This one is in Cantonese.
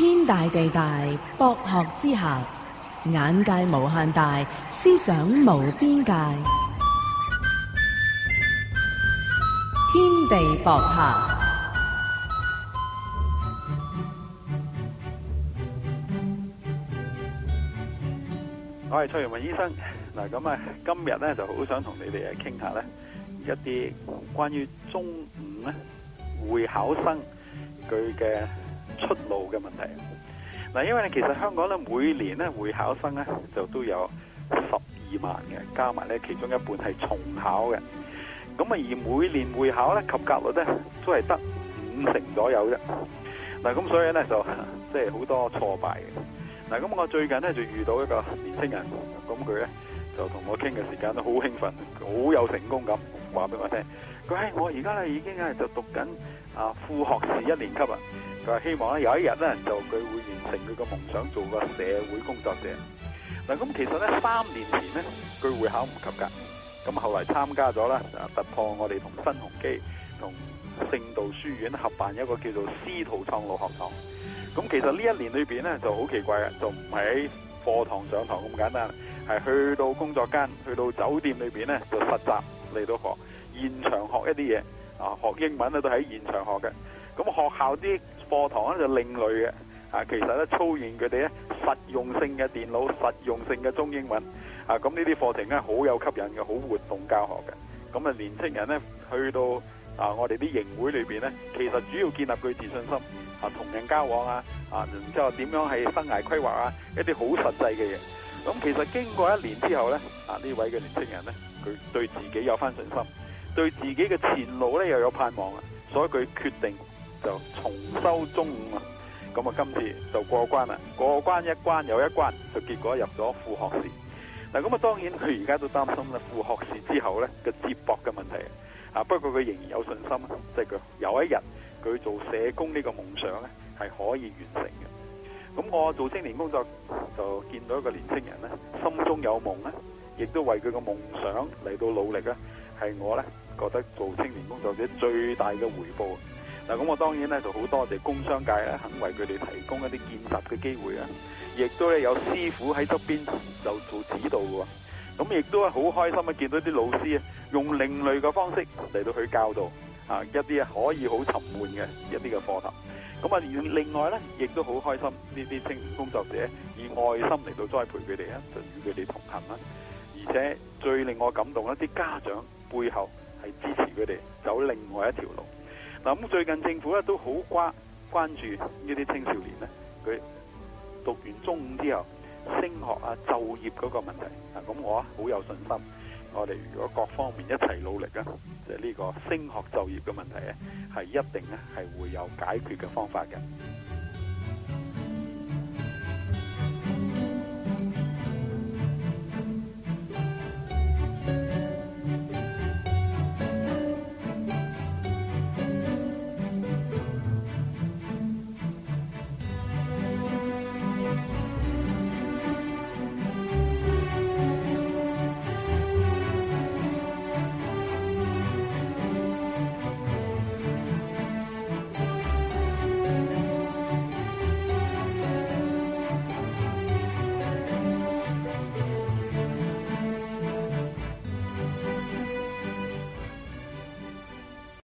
天大地大，博學之下，眼界無限大，思想無邊界。天地博客，我係蔡元雲醫生。嗱，咁啊，今日咧就好想同你哋啊傾下咧一啲關於中五咧會考生佢嘅。出路嘅問題，嗱，因為咧其實香港咧每年咧會考生咧就都有十二萬嘅，加埋咧其中一半係重考嘅，咁啊而每年會考咧及格率咧都係得五成左右啫，嗱咁所以咧就即係好多挫敗嘅，嗱咁我最近咧就遇到一個年青人，咁佢咧就同我傾嘅時間都好興奮，好有成功感，話俾我聽，佢係我而家咧已經係就讀緊啊副學士一年級啊。希望咧有一日咧就佢會完成佢個夢想，做個社會工作者。嗱，咁其實咧三年前咧佢會考唔及格，咁後嚟參加咗咧突破我哋同新鴻基同聖道書院合辦一個叫做師徒創路學堂。咁其實呢一年裏邊咧就好奇怪嘅，就唔喺課堂上堂咁簡單，係去到工作間，去到酒店裏邊咧就實習嚟到學，現場學一啲嘢啊，學英文咧都喺現場學嘅。咁學校啲。課堂咧就另類嘅，啊，其實咧操練佢哋咧實用性嘅電腦、實用性嘅中英文，啊，咁呢啲課程咧好有吸引嘅，好活動教學嘅，咁啊，年青人咧去到啊，我哋啲營會裏邊咧，其實主要建立佢自信心，啊，同人交往啊，啊，然之後點樣係生涯規劃啊，一啲好實際嘅嘢，咁其實經過一年之後咧，啊，呢位嘅年青人咧，佢對自己有翻信心，對自己嘅前路咧又有盼望啊，所以佢決定。就重修中五，咁啊今次就過關啦，過關一關又一關，就結果入咗副學士。嗱咁啊，當然佢而家都擔心啦，副學士之後咧個接駁嘅問題啊。不過佢仍然有信心，即係佢有一日佢做社工這個夢呢個夢想咧係可以完成嘅。咁我做青年工作就見到一個年輕人咧，心中有夢咧，亦都為佢個夢想嚟到努力咧，係我咧覺得做青年工作者最大嘅回報的。嗱，咁我當然咧就好多謝工商界咧肯為佢哋提供一啲見習嘅機會啊，亦都咧有師傅喺側邊就做指導喎。咁亦都係好開心啊，見到啲老師啊用另類嘅方式嚟到去教導啊一啲啊可以好沉悶嘅一啲嘅課堂。咁啊，另外咧亦都好開心呢啲青年工作者以愛心嚟到栽培佢哋啊，就與佢哋同行啦。而且最令我感動咧，啲家長背後係支持佢哋走另外一條路。咁最近政府咧都好關關注呢啲青少年咧，佢讀完中五之後升學啊、就業嗰個問題啊，咁我好有信心，我哋如果各方面一齊努力咧，即係呢個升學就業嘅問題咧，係一定咧係會有解決嘅方法嘅。